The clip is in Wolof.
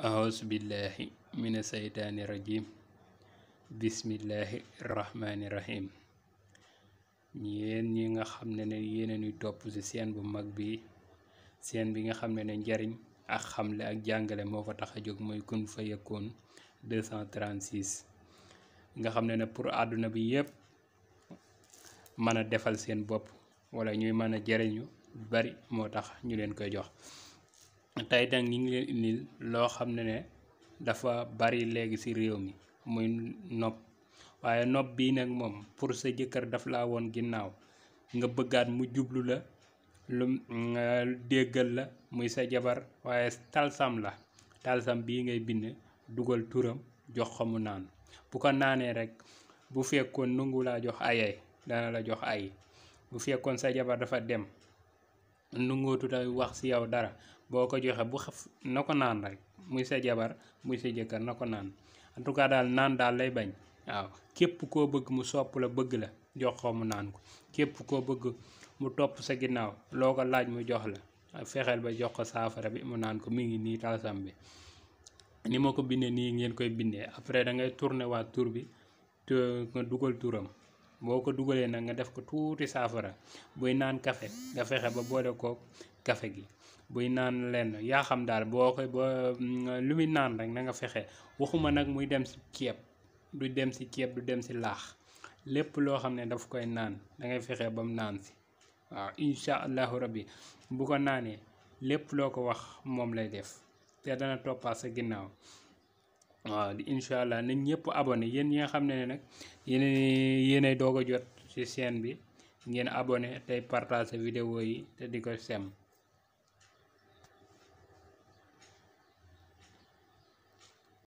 أعوذ بالله من الشيطان الرجيم بسم الله ñi nga xam ne ne yéen a topp ci seen bu mag bi seen bi nga xam ne ne njariñ ak xamle ak jàngale moo fa tax a jóg mooy Kun Fayakoun 236 nga xam ne ne pour àdduna bi yépp mën a defal seen bopp wala ñuy mën a jariñu bari moo tax ñu leen koy jox tey nag ñu ngi leen indil loo xam ne ne dafa bari léegi ci réew mi muy nopp waaye nopp bii nag moom pour sa jëkkër daf la woon ginnaaw nga bëggaat mu jublu la lu déggal la muy sa jabar waaye talsam la talsam bii ngay bind dugal turam jox ko mu naan bu ko naanee rek bu fekkoon nangu laa jox ayay dana la jox ay bu fekkoon sa jabar dafa dem nungootu ta wax si yow dara boo ko joxe bu xaf na ko naan rek muy sa jabar muy sa jëkkër na ko naan en tout cas daal naan daal lay bañ waaw képp koo bëgg mu sopp la bëgg la jox ko mu naan ko képp koo bëgg mu topp sa ginnaaw loo ko laaj mu jox la fexeel ba jox ko saafara bi mu naan ko mi ngi nii talsam bi ni ma ko bindee nii ngeen koy bindee après da ngay tourner waat tur bi te nga dugal turam boo ko dugalee nag nga def ko tuuti saafara buy naan kafe nga fexe ba boole ko kafe gi buy naan lenn yaa xam daal boo koy ba mm, lu muy naan rek na nga fexe waxuma nag muy dem ci ceeb du dem ci ceeb du dem ci laax lépp loo xam ne daf koy naan da ngay fexe ba mu naan ci waaw incha allahu rabbi bu ko naanee lépp loo ko wax moom lay def te dana toppaat sa ginnaaw waaw incha allah nañ ñëpp abonné yéen ñi nga xam ne nag yéen yéenay doog a jot ci chaîne bi ngeen abonné tey partage vidéo yi te di ko sem